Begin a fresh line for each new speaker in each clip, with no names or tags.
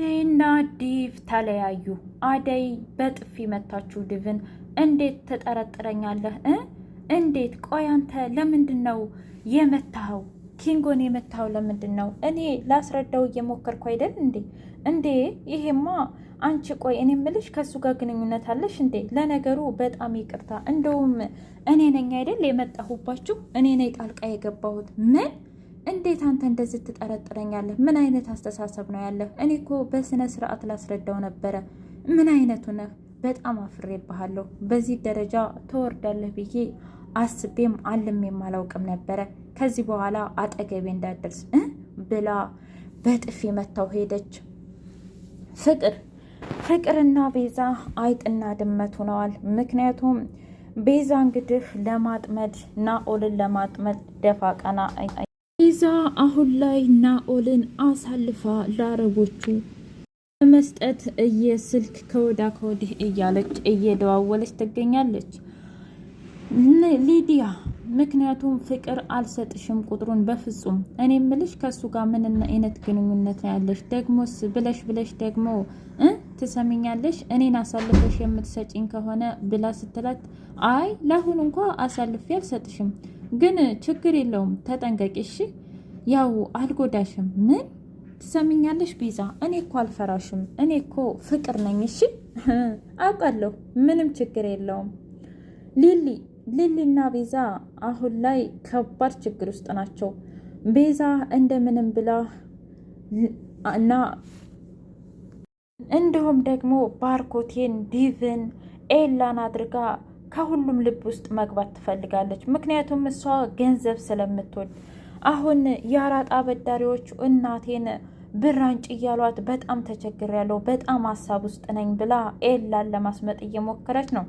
አደይና ዲቭ ተለያዩ። አደይ በጥፊ መታችሁ ዲቭን። እንዴት ትጠረጥረኛለህ? እንዴት ቆይ፣ አንተ ለምንድን ነው የመታኸው? ኪንጎን የመታኸው ለምንድን ነው? እኔ ላስረዳው እየሞከርኩ አይደል እንዴ? እንዴ ይሄማ አንቺ ቆይ፣ እኔ ምልሽ ከእሱ ጋር ግንኙነት አለሽ እንዴ? ለነገሩ በጣም ይቅርታ፣ እንደውም እኔ ነኝ አይደል የመጣሁባችሁ? እኔ ነኝ ጣልቃ የገባሁት ምን እንዴት አንተ እንደዚህ ትጠረጥረኛለህ? ምን አይነት አስተሳሰብ ነው ያለህ? እኔ እኮ በስነ ስርዓት ላስረዳው ነበረ። ምን አይነቱ ነህ? በጣም አፍሬብሃለሁ። በዚህ ደረጃ ተወርዳለህ ብዬ አስቤም አልሜም አላውቅም ነበረ። ከዚህ በኋላ አጠገቤ እንዳደርስ ብላ በጥፊ መታው ሄደች። ፍቅር ፍቅርና ቤዛ አይጥና ድመት ሆነዋል። ምክንያቱም ቤዛ እንግዲህ ለማጥመድ ናኦልን ለማጥመድ ደፋ ቀና ቤዛ አሁን ላይ ናኦልን አሳልፋ ለአረቦቹ በመስጠት እየስልክ ከወዳ ከወዲህ እያለች እየደዋወለች ትገኛለች ሊዲያ። ምክንያቱም ፍቅር አልሰጥሽም ቁጥሩን በፍጹም እኔ ምልሽ ከእሱ ጋር ምን አይነት ግንኙነት ነው ያለሽ? ደግሞስ ብለሽ ብለሽ ደግሞ ትሰሚኛለሽ እኔን አሳልፈሽ የምትሰጪኝ ከሆነ ብላ ስትላት፣ አይ ለአሁን እንኳ አሳልፌ አልሰጥሽም፣ ግን ችግር የለውም ተጠንቀቂ እሺ ያው አልጎዳሽም። ምን ትሰሚኛለሽ ቤዛ? እኔ እኮ አልፈራሽም። እኔ እኮ ፍቅር ነኝ። እሺ አውቃለሁ። ምንም ችግር የለውም። ሊሊ ሊሊና ቤዛ አሁን ላይ ከባድ ችግር ውስጥ ናቸው። ቤዛ እንደምንም ብላ እና እንዲሁም ደግሞ ባርኮቴን ዲቭን ኤላን አድርጋ ከሁሉም ልብ ውስጥ መግባት ትፈልጋለች። ምክንያቱም እሷ ገንዘብ ስለምትወድ አሁን የአራጣ አበዳሪዎች እናቴን ብር አንጭ እያሏት በጣም ተቸግሬያለሁ፣ በጣም ሀሳብ ውስጥ ነኝ ብላ ኤላን ለማስመጥ እየሞከረች ነው።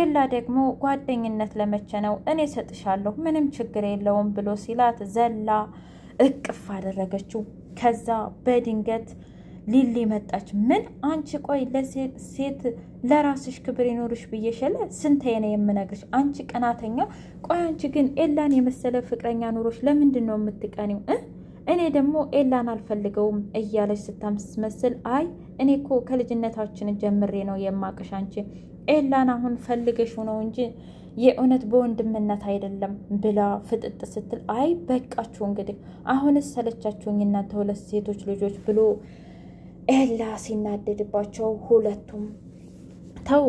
ኤላ ደግሞ ጓደኝነት ለመቼ ነው እኔ ሰጥሻለሁ፣ ምንም ችግር የለውም ብሎ ሲላት ዘላ እቅፍ አደረገችው። ከዛ በድንገት ሊሊ መጣች። ምን አንቺ ቆይ ለሴት ለራስሽ ክብር ይኖርሽ ብየሸለ ስንተየ ነው የምነግርሽ? አንቺ ቀናተኛ። ቆይ አንቺ ግን ኤላን የመሰለ ፍቅረኛ ኑሮች ለምንድን ነው የምትቀኒው? እኔ ደግሞ ኤላን አልፈልገውም እያለች ስታስመስል፣ አይ እኔ እኮ ከልጅነታችን ጀምሬ ነው የማቅሽ። አንቺ ኤላን አሁን ፈልገሽው ነው እንጂ የእውነት በወንድምነት አይደለም ብላ ፍጥጥ ስትል፣ አይ በቃችሁ እንግዲህ አሁንስ ሰለቻችሁኝ እናንተ ሁለት ሴቶች ልጆች ብሎ ኤላ ሲናደድባቸው ሁለቱም ተው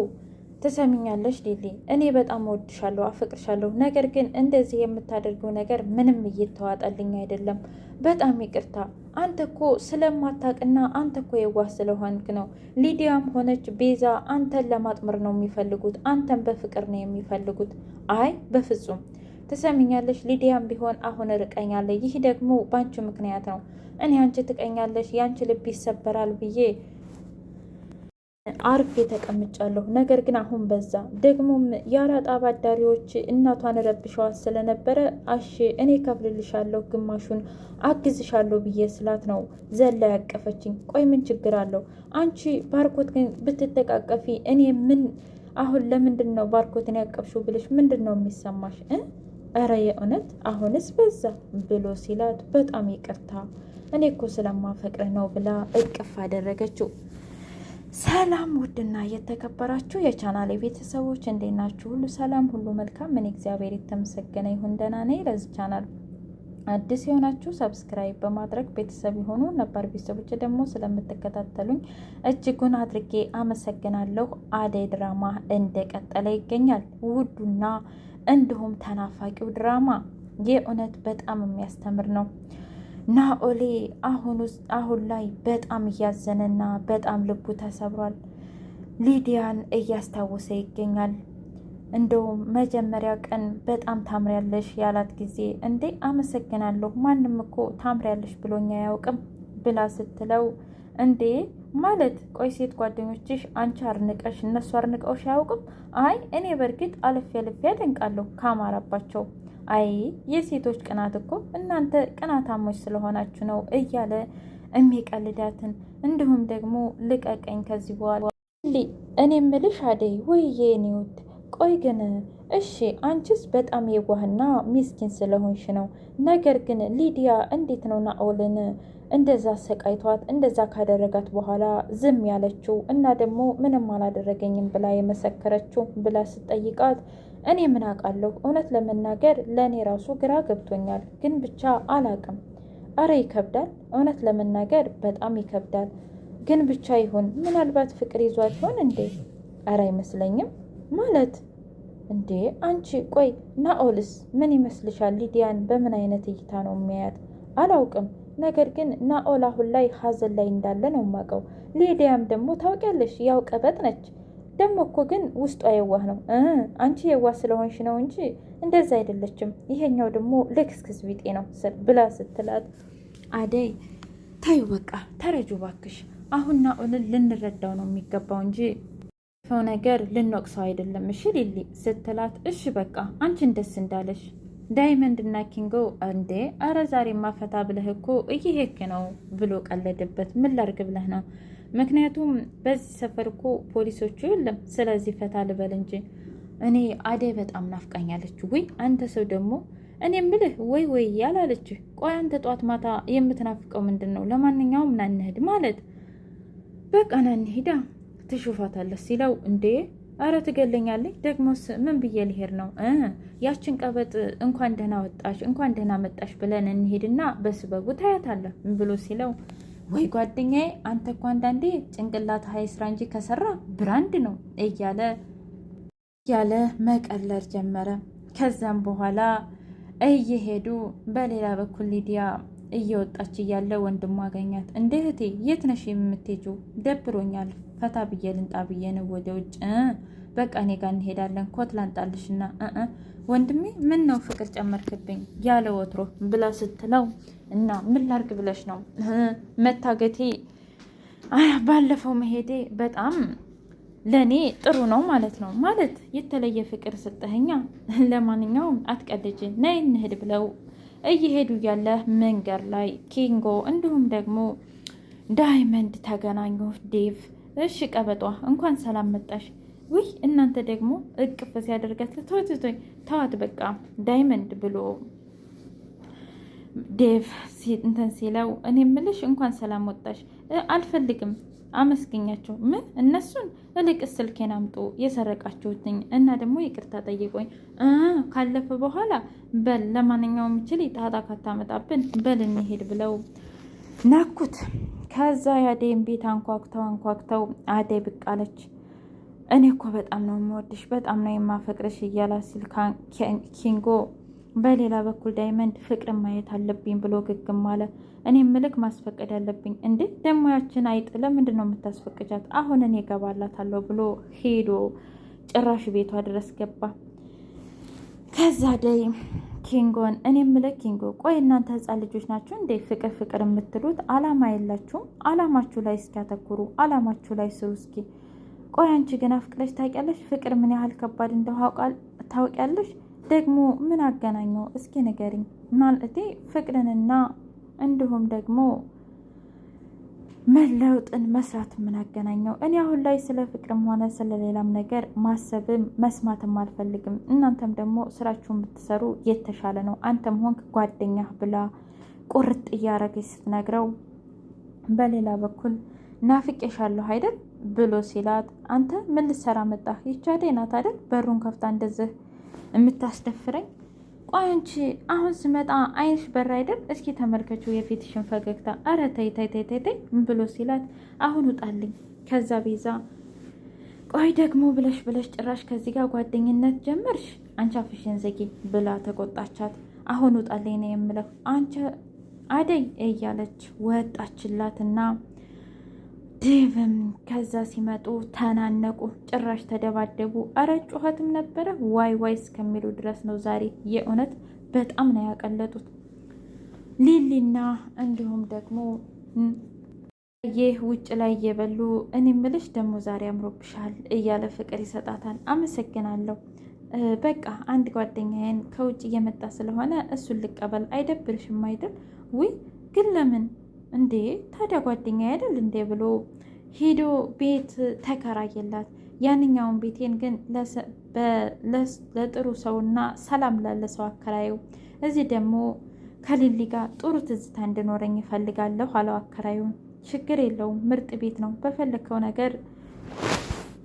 ትሰሚኛለሽ ሊሊ፣ እኔ በጣም ወድሻለሁ፣ አፈቅርሻለሁ። ነገር ግን እንደዚህ የምታደርገው ነገር ምንም እየተዋጠልኝ አይደለም። በጣም ይቅርታ። አንተ እኮ ስለማታውቅና አንተ እኮ የዋህ ስለሆንክ ነው። ሊዲያም ሆነች ቤዛ አንተን ለማጥመር ነው የሚፈልጉት፣ አንተን በፍቅር ነው የሚፈልጉት። አይ በፍጹም ትሰሚኛለሽ፣ ሊዲያም ቢሆን አሁን ርቀኛለች። ይህ ደግሞ በአንቺ ምክንያት ነው። እኔ አንቺ ትቀኛለሽ፣ ያንቺ ልብ ይሰበራል ብዬ አርፌ ተቀምጫለሁ። ነገር ግን አሁን በዛ። ደግሞም የአራጣ አባዳሪዎች እናቷን ረብሸዋት ስለነበረ አሺ እኔ ከፍልልሻለሁ፣ ግማሹን አግዝሻለሁ ብዬ ስላት ነው ዘላ ያቀፈችኝ። ቆይ ምን ችግር አለው? አንቺ ባርኮት ግን ብትተቃቀፊ እኔ ምን አሁን ለምንድን ነው ባርኮትን ያቀፍሽው ብልሽ ምንድን ነው የሚሰማሽ? እረ የእውነት አሁንስ በዛ ብሎ ሲላት፣ በጣም ይቅርታ እኔ እኮ ስለማፈቅር ነው ብላ እቅፍ አደረገችው። ሰላም ውድና የተከበራችሁ የቻናል ቤተሰቦች እንዴት ናችሁ? ሁሉ ሰላም፣ ሁሉ መልካም። ምን እግዚአብሔር የተመሰገነ ይሁን። ደህና ነኝ። ለዚህ ቻናል አዲስ የሆናችሁ ሰብስክራይብ በማድረግ ቤተሰብ የሆኑ ነባር ቤተሰቦች ደግሞ ስለምትከታተሉኝ እጅጉን አድርጌ አመሰግናለሁ። አደይ ድራማ እንደቀጠለ ይገኛል ውዱና እንዲሁም ተናፋቂው ድራማ የእውነት በጣም የሚያስተምር ነው። ናኦሌ አሁን ላይ በጣም እያዘነና በጣም ልቡ ተሰብሯል። ሊዲያን እያስታወሰ ይገኛል። እንደውም መጀመሪያ ቀን በጣም ታምሪያለሽ ያላት ጊዜ እንዴ አመሰግናለሁ፣ ማንም እኮ ታምሪያለሽ ብሎኛ አያውቅም ብላ ስትለው እንዴ ማለት ቆይ ሴት ጓደኞችሽ አንቺ አርንቀሽ እነሱ አርንቀውሽ አያውቅም? አይ እኔ በእርግጥ አልፌ አልፌ ያደንቃለሁ ካማረባቸው። አይ የሴቶች ቅናት እኮ እናንተ ቅናታሞች ስለሆናችሁ ነው እያለ የሚቀልዳትን እንዲሁም ደግሞ ልቀቀኝ ከዚህ በኋላ እኔ ምልሽ አደይ ወይ የኔ ውድ ቆይ ግን እሺ አንቺስ በጣም የዋህና ሚስኪን ስለሆንሽ ነው። ነገር ግን ሊዲያ እንዴት ነው ናኦልን እንደዛ አሰቃይቷት እንደዛ ካደረጋት በኋላ ዝም ያለችው እና ደግሞ ምንም አላደረገኝም ብላ የመሰከረችው ብላ ስጠይቃት እኔ ምን አውቃለሁ፣ እውነት ለመናገር ለእኔ ራሱ ግራ ገብቶኛል። ግን ብቻ አላቅም። አረ ይከብዳል፣ እውነት ለመናገር በጣም ይከብዳል። ግን ብቻ ይሁን። ምናልባት ፍቅር ይዟት ይሆን እንዴ? አረ አይመስለኝም ማለት እንዴ አንቺ ቆይ ናኦልስ ምን ይመስልሻል? ሊዲያን በምን አይነት እይታ ነው የሚያያት? አላውቅም። ነገር ግን ናኦል አሁን ላይ ሀዘን ላይ እንዳለ ነው የማውቀው። ሊዲያም ደግሞ ታውቂያለሽ፣ ያው ቀበጥ ነች። ደግሞ እኮ ግን ውስጧ የዋህ ነው። አንቺ የዋህ ስለሆንሽ ነው እንጂ እንደዛ አይደለችም። ይሄኛው ደግሞ ልክስክስ ቢጤ ነው ብላ ስትላት አደይ ታዩ፣ በቃ ተረጁ ባክሽ። አሁን ናኦልን ልንረዳው ነው የሚገባው እንጂ ባጠፋው ነገር ልንወቅሰው አይደለም እሺ ሊሊ ስትላት፣ እሺ በቃ አንቺን ደስ እንዳለሽ። ዳይመንድ እና ኪንጎ እንዴ አረ ዛሬማ ፈታ ብለህ እኮ እየሄክ ነው ብሎ ቀለደበት። ምን ላርግ ብለህ ነው? ምክንያቱም በዚህ ሰፈር እኮ ፖሊሶቹ የለም። ስለዚህ ፈታ ልበል እንጂ እኔ አደይ በጣም ናፍቃኛለች። ውይ አንተ ሰው ደግሞ እኔ ምልህ ወይ ወይ ያላለች ቆይ አንተ ጧት ማታ የምትናፍቀው ምንድን ነው? ለማንኛውም ናንሄድ ማለት በቃ ናንሄዳ ትሹፋታለህ ሲለው እንዴ አረ ትገለኛለች ደግሞስ ምን ብዬ ልሄድ ነው ያችን ቀበጥ እንኳን ደህና ወጣሽ እንኳን ደህና መጣሽ ብለን እንሄድና በስበቡ ታያታለህ ብሎ ሲለው ወይ ጓደኛዬ አንተ እኮ አንዳንዴ ጭንቅላት ሀይ ስራ እንጂ ከሰራ ብራንድ ነው እያለ እያለ መቀለር ጀመረ። ከዛም በኋላ እየሄዱ በሌላ በኩል ሊዲያ እየወጣች እያለ ወንድሟ አገኛት። እንደ እህቴ የት ነሽ የምትሄጂው? ደብሮኛል፣ ፈታ ብዬ ልንጣ ብዬ ነው ወደ ውጭ። በቃ እኔ ጋር እንሄዳለን፣ ኮት ላንጣልሽና። ወንድሜ ምን ነው ፍቅር ጨመርክብኝ ያለ ወትሮ ብላ ስትለው እና ምን ላርግ ብለሽ ነው መታገቴ ባለፈው መሄዴ በጣም ለእኔ ጥሩ ነው ማለት ነው። ማለት የተለየ ፍቅር ሰጠኸኛ። ለማንኛውም አትቀልጅ፣ ነይ እንሂድ ብለው እየሄዱ ያለ መንገድ ላይ ኪንጎ እንዲሁም ደግሞ ዳይመንድ ተገናኙ። ዴቭ እሺ ቀበጧ እንኳን ሰላም መጣሽ። ውይ እናንተ ደግሞ እቅፍ ሲያደርጋት ትቶኝ ተዋት በቃ ዳይመንድ ብሎ ዴቭ እንትን ሲለው እኔ ምልሽ እንኳን ሰላም ወጣሽ አልፈልግም አመስገኛቸው ምን እነሱን እልቅ ስልኬን አምጡ የሰረቃችሁትኝ እና ደግሞ ይቅርታ ጠይቆኝ ካለፈ በኋላ በል ለማንኛውም ችል ጣጣ ካታመጣብን በል እንሄድ ብለው ናኩት። ከዛ የአደይን ቤት አንኳኩተው አንኳኩተው አደይ ብቅ አለች። እኔ እኮ በጣም ነው የምወድሽ በጣም ነው የማፈቅርሽ እያላ ሲል ኪንጎ በሌላ በኩል ዳይመንድ ፍቅር ማየት አለብኝ ብሎ ግግም አለ። እኔ ምልክ ማስፈቀድ ያለብኝ እንዴ? ደሞያችን አይጥ ለምንድን ነው የምታስፈቅጃት? አሁን እኔ እገባላታለሁ ብሎ ሄዶ ጭራሽ ቤቷ ድረስ ገባ። ከዛ ደይ ኪንጎን እኔ ምልክ ኪንጎ፣ ቆይ እናንተ ህፃን ልጆች ናችሁ እንዴ ፍቅር ፍቅር የምትሉት? አላማ የላችሁም? አላማችሁ ላይ እስኪ አተኩሩ አላማችሁ ላይ ስሩ እስኪ። ቆይ አንቺ ግን አፍቅረሽ ታውቂያለሽ? ፍቅር ምን ያህል ከባድ እንደው ታውቂያለሽ? ደግሞ ምን አገናኘው? እስኪ ንገሪኝ። ማለቴ ፍቅርንና እንዲሁም ደግሞ መለውጥን መስራት የምናገናኘው እኔ አሁን ላይ ስለ ፍቅርም ሆነ ስለሌላም ነገር ማሰብም መስማትም አልፈልግም። እናንተም ደግሞ ስራችሁን ብትሰሩ የተሻለ ነው። አንተም ሆንክ ጓደኛ ብላ ቁርጥ እያረገች ስትነግረው፣ በሌላ በኩል ናፍቄሻለሁ አይደል ብሎ ሲላት፣ አንተ ምን ልትሰራ መጣህ? ይቻ ናት አይደል በሩን ከፍታ እንደዚህ የምታስደፍረኝ ቆይ አንቺ አሁን ስመጣ አይንሽ በራ አይደል? እስኪ ተመልከችው የፊትሽን ፈገግታ። አረ ተይ ተይ ተይ ተይ ብሎ ሲላት አሁን ውጣልኝ። ከዛ ቤዛ ቆይ ደግሞ ብለሽ ብለሽ ጭራሽ ከዚህ ጋር ጓደኝነት ጀመርሽ። አንቺ አፍሽን ዘጊ ብላ ተቆጣቻት። አሁን ውጣልኝ ነው የምለው አንቺ አደይ እያለች ወጣችላትና ዴቭም ከዛ ሲመጡ ተናነቁ፣ ጭራሽ ተደባደቡ። አረ ጩኸትም ነበረ ዋይ ዋይ እስከሚሉ ድረስ ነው። ዛሬ የእውነት በጣም ነው ያቀለጡት። ሊሊና እንዲሁም ደግሞ ይህ ውጭ ላይ እየበሉ እኔ ምልሽ ደግሞ ዛሬ አምሮብሻል እያለ ፍቅር ይሰጣታል። አመሰግናለሁ በቃ አንድ ጓደኛዬን ከውጭ እየመጣ ስለሆነ እሱን ልቀበል። አይደብርሽም አይደል? ውይ ግን ለምን እንዴ ታዲያ ጓደኛ አይደል እንዴ ብሎ ሄዶ ቤት ተከራየላት። ያንኛውን ቤቴን ግን ለጥሩ ሰውና ሰላም ላለ ሰው አከራዩ። እዚህ ደግሞ ከሊሊ ጋር ጥሩ ትዝታ እንድኖረኝ ይፈልጋለሁ አለው አከራዩ። ችግር የለውም ምርጥ ቤት ነው፣ በፈለግከው ነገር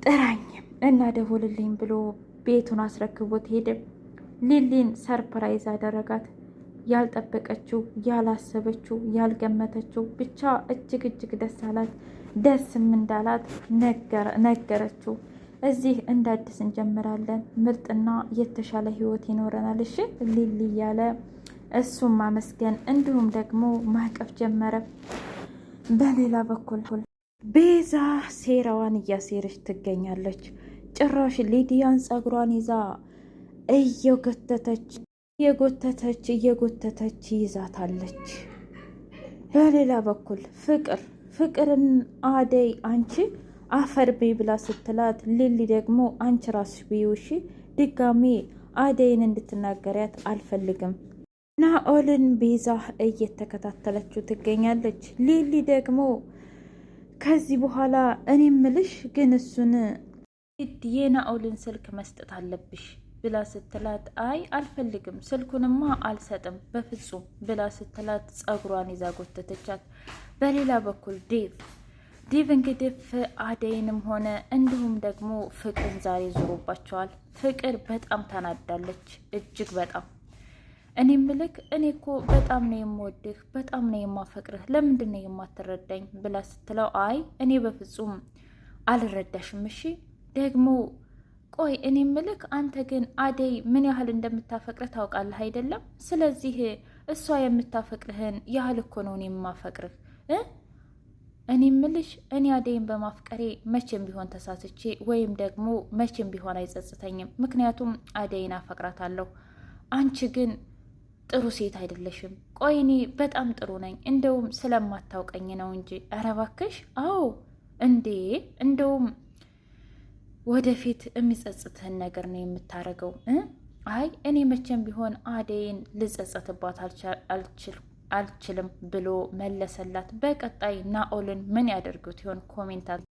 ጥራኝ እና ደውልልኝ ብሎ ቤቱን አስረክቦት ሄደ። ሊሊን ሰርፕራይዝ አደረጋት። ያልጠበቀችው፣ ያላሰበችው፣ ያልገመተችው ብቻ እጅግ እጅግ ደስ አላት። ደስም እንዳላት ነገረችው። እዚህ እንደ አዲስ እንጀምራለን፣ ምርጥና የተሻለ ህይወት ይኖረናል፣ እሺ ሊል እያለ እሱም ማመስገን እንዲሁም ደግሞ ማቀፍ ጀመረ። በሌላ በኩል ቤዛ ሴራዋን እያሴረች ትገኛለች። ጭራሽ ሊዲያን ጸጉሯን ይዛ እየገተተች እየጎተተች እየጎተተች ይዛታለች። በሌላ በኩል ፍቅር ፍቅርን አደይ አንቺ አፈር ቤ ብላ ስትላት፣ ሊሊ ደግሞ አንቺ ራስሽ ቢውሺ ድጋሜ አደይን እንድትናገሪያት አልፈልግም። ናኦልን ቤዛ እየተከታተለችው ትገኛለች። ሊሊ ደግሞ ከዚህ በኋላ እኔ ምልሽ ግን እሱን የናኦልን ስልክ መስጠት አለብሽ ብላ ስትላት አይ አልፈልግም፣ ስልኩንማ አልሰጥም በፍጹም ብላ ስትላት ጸጉሯን ይዛ ጎተተቻት። በሌላ በኩል ዴቭ ዴቭ እንግዲህ አደይንም ሆነ እንዲሁም ደግሞ ፍቅርን ዛሬ ዞሮባቸዋል። ፍቅር በጣም ታናዳለች፣ እጅግ በጣም እኔ ምልክ እኔ እኮ በጣም ነው የምወድህ፣ በጣም ነው የማፈቅርህ፣ ለምንድን ነው የማትረዳኝ ብላ ስትለው አይ እኔ በፍጹም አልረዳሽም፣ እሺ ደግሞ ቆይ እኔ ምልክ አንተ ግን አደይ ምን ያህል እንደምታፈቅርህ ታውቃለህ አይደለም? ስለዚህ እሷ የምታፈቅርህን ያህል እኮ ነው እኔ የማፈቅርህ። እኔ ምልሽ እኔ አደይን በማፍቀሬ መቼም ቢሆን ተሳስቼ ወይም ደግሞ መቼም ቢሆን አይጸጽተኝም። ምክንያቱም አደይን አፈቅራታለሁ። አንቺ ግን ጥሩ ሴት አይደለሽም። ቆይ እኔ በጣም ጥሩ ነኝ፣ እንደውም ስለማታውቀኝ ነው እንጂ። ኧረ እባክሽ! አዎ እንዴ! እንደውም ወደፊት የሚጸጽትህን ነገር ነው የምታደርገው። አይ እኔ መቼም ቢሆን አደይን ልጸጸትባት አልችልም ብሎ መለሰላት። በቀጣይ ናኦልን ምን ያደርጉት ይሆን? ኮሜንታ